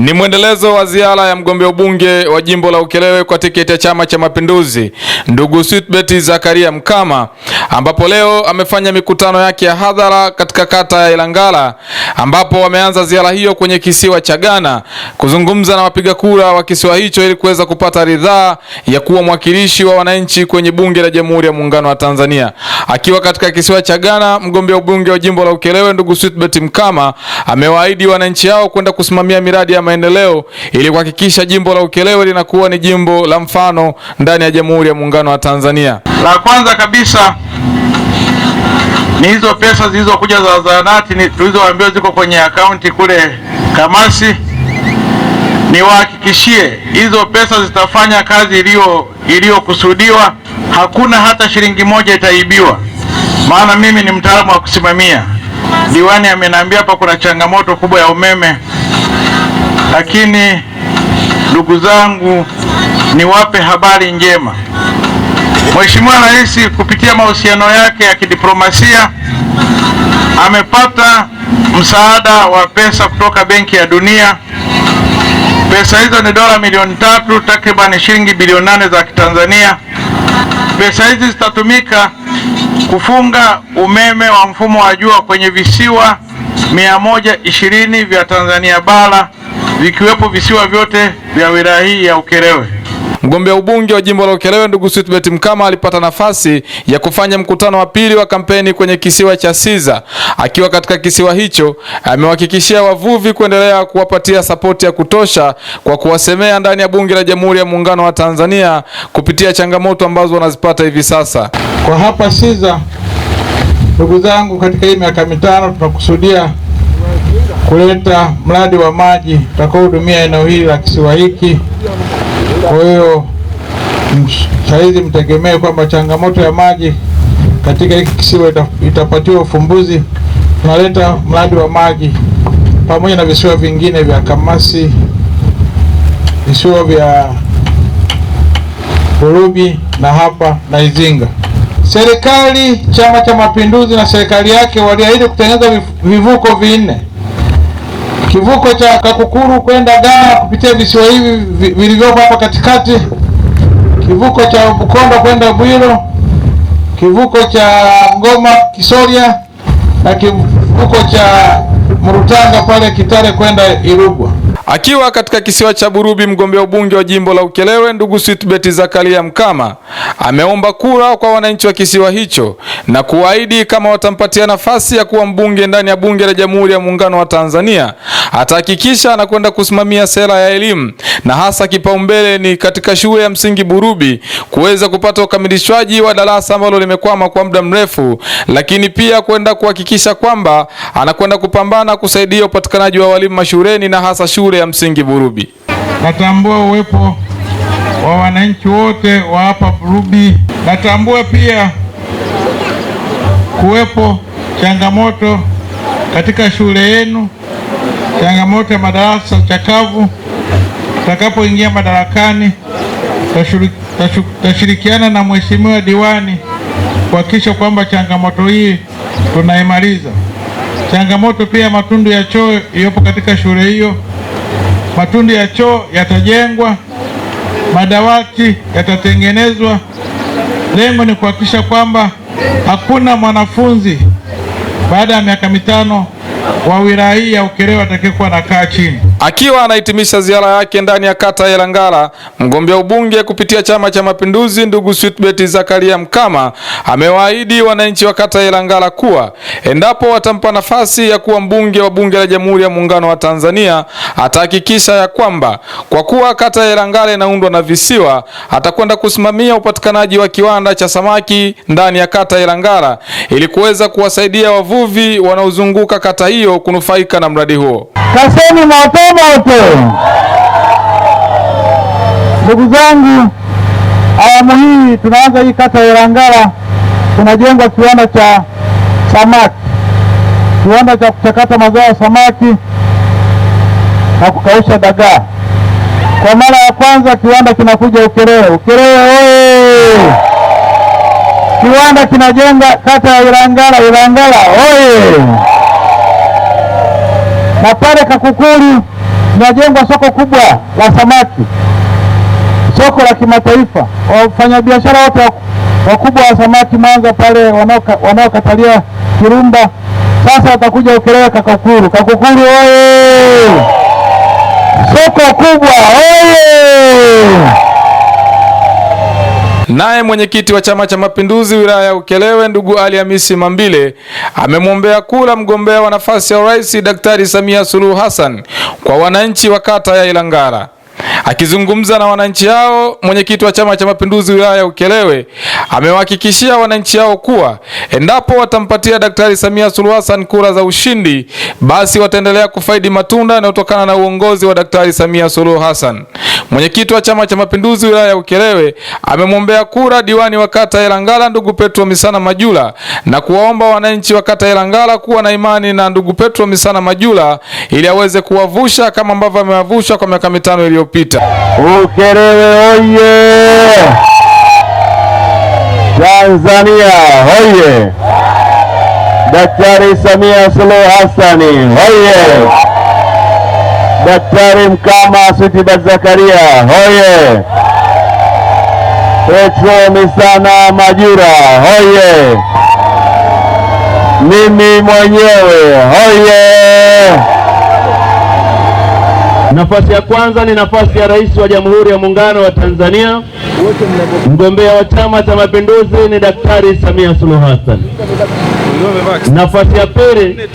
Ni mwendelezo wa ziara ya mgombea ubunge wa jimbo la Ukerewe kwa tiketi ya Chama cha Mapinduzi, ndugu Sweetbet Zakaria Mkama, ambapo leo amefanya mikutano yake ya hadhara katika kata ya Ilangala, ambapo wameanza ziara hiyo kwenye kisiwa cha Ghana kuzungumza na wapiga kura wa kisiwa hicho ili kuweza kupata ridhaa ya kuwa mwakilishi wa wananchi kwenye bunge la Jamhuri ya Muungano wa Tanzania. Akiwa katika kisiwa cha Ghana, mgombea ubunge wa jimbo la Ukerewe ndugu Sweetbet Mkama amewaahidi wananchi hao kwenda kusimamia miradi ya maendeleo ili kuhakikisha jimbo la Ukerewe linakuwa ni jimbo la mfano ndani ya Jamhuri ya Muungano wa Tanzania. La kwanza kabisa ni hizo pesa zilizokuja za zahanati tulizoambiwa ziko kwenye akaunti kule Kamasi. Niwahakikishie hizo pesa zitafanya kazi iliyokusudiwa, hakuna hata shilingi moja itaibiwa, maana mimi ni mtaalamu wa kusimamia. Diwani ameniambia hapa kuna changamoto kubwa ya umeme. Lakini ndugu zangu, niwape habari njema. Mheshimiwa Rais kupitia mahusiano yake ya kidiplomasia amepata msaada wa pesa kutoka Benki ya Dunia. Pesa hizo ni dola milioni tatu, takriban shilingi bilioni nane za Kitanzania. Pesa hizi zitatumika kufunga umeme wa mfumo wa jua kwenye visiwa 120 vya Tanzania bara vikiwepo visiwa vyote vya wilaya hii ya Ukerewe. Mgombea ubunge wa jimbo la Ukerewe ndugu Sweetbet Mkama alipata nafasi ya kufanya mkutano wa pili wa kampeni kwenye kisiwa cha Siza. Akiwa katika kisiwa hicho, amewahakikishia wavuvi kuendelea kuwapatia sapoti ya kutosha kwa kuwasemea ndani ya bunge la Jamhuri ya Muungano wa Tanzania kupitia changamoto ambazo wanazipata hivi sasa. Kwa hapa Siza, ndugu zangu, katika hii miaka mitano tunakusudia kuleta mradi wa maji utakaohudumia eneo hili la kisiwa hiki. Kwa hiyo sahizi mtegemee kwamba changamoto ya maji katika hiki kisiwa itapatiwa ufumbuzi. Tunaleta mradi wa maji pamoja na visiwa vingine vya Kamasi, visiwa vya Burubi na hapa na Izinga. Serikali, Chama cha Mapinduzi na serikali yake waliahidi kutengeneza vivuko vinne Kivuko cha Kakukuru kwenda Ghana kupitia visiwa hivi vilivyopo hapa katikati, kivuko cha Bukombo kwenda Bwiro, kivuko cha ngoma Kisoria na kivuko cha Murutanga pale Kitare kwenda Irugwa. Akiwa katika kisiwa cha Burubi, mgombea ubunge wa jimbo la Ukerewe ndugu Sweetbet Zakaria Mkama ameomba kura kwa wananchi wa kisiwa hicho na kuahidi kama watampatia nafasi ya kuwa mbunge ndani ya bunge la Jamhuri ya Muungano wa Tanzania atahakikisha anakwenda kusimamia sera ya elimu na hasa kipaumbele ni katika shule ya msingi Burubi kuweza kupata ukamilishwaji wa darasa ambalo limekwama kwa muda mrefu, lakini pia kwenda kuhakikisha kwamba anakwenda kupambana kusaidia upatikanaji wa walimu mashuleni na hasa shule ya msingi Burubi. Natambua uwepo wa wananchi wote wa hapa Burubi. Natambua pia kuwepo changamoto katika shule yenu, changamoto ya madarasa chakavu. Tutakapoingia madarakani, tutashirikiana na mheshimiwa diwani kuhakikisha kwamba changamoto hii tunaimaliza. Changamoto pia ya matundu ya choo iliyopo katika shule hiyo matundu ya choo yatajengwa, madawati yatatengenezwa. Lengo ni kuhakikisha kwamba hakuna mwanafunzi baada ya miaka mitano wa wilaya hii ya Ukerewe atakayekuwa anakaa chini. Akiwa anahitimisha ziara yake ndani ya kata ya Ilangala, mgombea ubunge kupitia Chama cha Mapinduzi ndugu Sweetbet Zakaria Mkama amewaahidi wananchi wa kata ya Ilangala kuwa endapo watampa nafasi ya kuwa mbunge wa Bunge la Jamhuri ya Muungano wa Tanzania atahakikisha ya kwamba kwa kuwa kata ya Ilangala inaundwa na visiwa, atakwenda kusimamia upatikanaji wa kiwanda cha samaki ndani ya kata ya Ilangala ili kuweza kuwasaidia wavuvi wanaozunguka kata hiyo kunufaika na mradi huo. Kaseni mwape moto. Ndugu zangu, awamu hii tunaanza hii kata ya Ilangala, kunajengwa kiwanda cha samaki, kiwanda cha kuchakata mazao ya samaki na kukausha dagaa. Kwa mara ya kwanza kiwanda kinakuja Ukerewe. Ukerewe oye! Kiwanda kinajenga kata ya Ilangala. Ilangala oye! Na pale Kakukuru linajengwa soko kubwa la samaki, soko la kimataifa. Wafanyabiashara wote wakubwa wa samaki Mwanza pale wanaokatalia Kirumba sasa watakuja Ukerewe, Kakukuru. Kakukuru oye! Soko kubwa oye! Naye mwenyekiti wa Chama cha Mapinduzi wilaya ya Ukerewe ndugu Ali Hamisi Mambile amemwombea kula mgombea wa nafasi ya urais Daktari Samia Suluhu Hassan kwa wananchi wa kata ya ilangara Akizungumza na wananchi hao, mwenyekiti wa Chama cha Mapinduzi wilaya ya Ukerewe amewahakikishia wananchi hao kuwa endapo watampatia Daktari Samia Suluhu Hassan kura za ushindi, basi wataendelea kufaidi matunda yanayotokana na uongozi wa Daktari Samia Suluhu Hassan. Mwenyekiti wa Chama cha Mapinduzi wilaya ya Ukerewe amemwombea kura diwani wa kata ya Ilangala ndugu Petro Misana Majula na kuwaomba wananchi wa kata ya Ilangala kuwa na imani na ndugu Petro Misana Majula ili aweze kuwavusha kama ambavyo amewavusha kwa miaka mitano iliyopita. Ukerewe oye! Tanzania oye! Daktari Samia Suluhu Hassan oye. Daktari Mkama Sitibas Zakaria hoye! Petro Misana Majura hoye! Mimi mwenyewe hoye! Nafasi ya kwanza ni nafasi ya rais wa Jamhuri ya Muungano wa Tanzania. Mgombea wa Chama cha Mapinduzi ni Daktari Samia Suluhu Hassan. Nafasi ya pili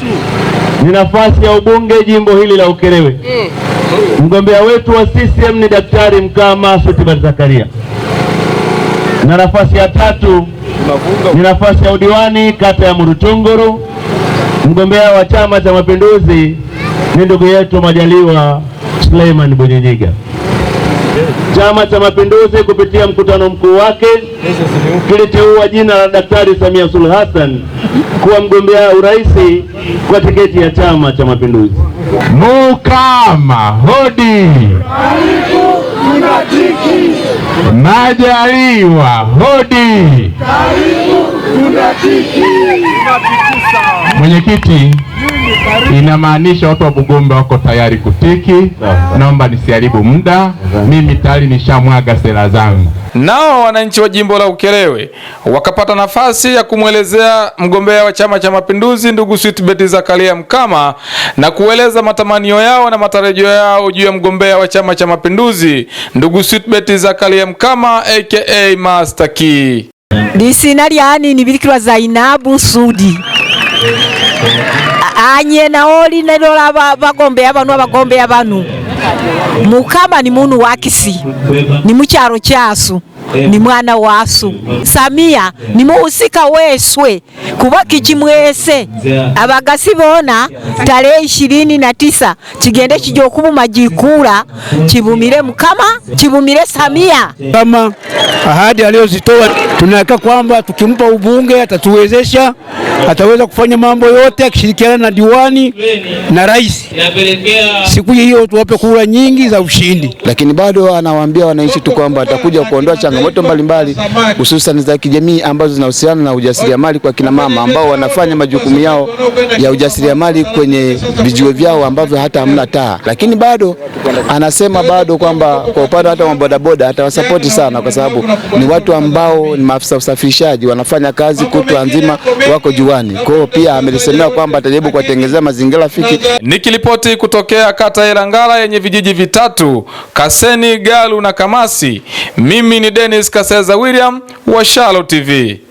ni nafasi ya ubunge jimbo hili la Ukerewe. Mm. Mgombea wetu wa CCM ni Daktari Mkama Sutibani Zakaria, na nafasi ya tatu ni nafasi ya udiwani kata ya Murutunguru. Mgombea wa Chama cha Mapinduzi ni ndugu yetu Majaliwa Suleiman bunyinyiga Chama cha Mapinduzi kupitia mkutano mkuu wake kiliteua jina la Daktari Samia Suluhu Hassan kuwa mgombea urais kwa tiketi ya Chama cha Mapinduzi. Mukama hodi, Majaliwa hodi. Mwenyekiti inamaanisha watu wa Bugombe wako tayari kutiki. Naomba nisiharibu muda, mimi tayari nishamwaga sera zangu. Nao wananchi wa jimbo la Ukerewe wakapata nafasi ya kumwelezea mgombea wa Chama cha Mapinduzi ndugu Sweetbet Zakaria Mkama na kueleza matamanio yao na matarajio yao juu ya mgombea wa Chama cha Mapinduzi ndugu Sweetbet Zakaria Mkama aka Master Key. Lisina lyani ni bilikirwa Zainabu Sudi anye naoli nalola bagombea banu abagombe banu mukama ni munu wakisi ni mucharo chasu ni mwana wasu samia ni muhusika weswe kuba kijimwese abagasi bona tarehe ishirini na tisa chigende kija okubuma mukama chibumire samia kama ahadi aliyozitoa tunaweka kwamba tukimpa ubunge atatuwezesha, ataweza kufanya mambo yote akishirikiana na diwani na rais. Siku hiyo tuwape kura nyingi za ushindi. Lakini bado anawaambia wananchi tu kwamba atakuja kuondoa changamoto mbalimbali hususan za kijamii ambazo zinahusiana na ujasiriamali kwa kina mama ambao wanafanya majukumu yao ya ujasiriamali kwenye vijiwe vyao ambavyo hata hamna taa. Lakini bado anasema bado kwamba kwa upande hata wa bodaboda atawasapoti sana, kwa sababu ni watu ambao maafisa usafirishaji wanafanya kazi kutwa nzima, wako juani. Kwa pia amelisemea kwamba atajaribu kuwatengenezea mazingira rafiki. Nikilipoti kutokea kata ya Ilangala yenye vijiji vitatu Kaseni, Galu na Kamasi, mimi ni Dennis Kaseza William wa Shalo TV.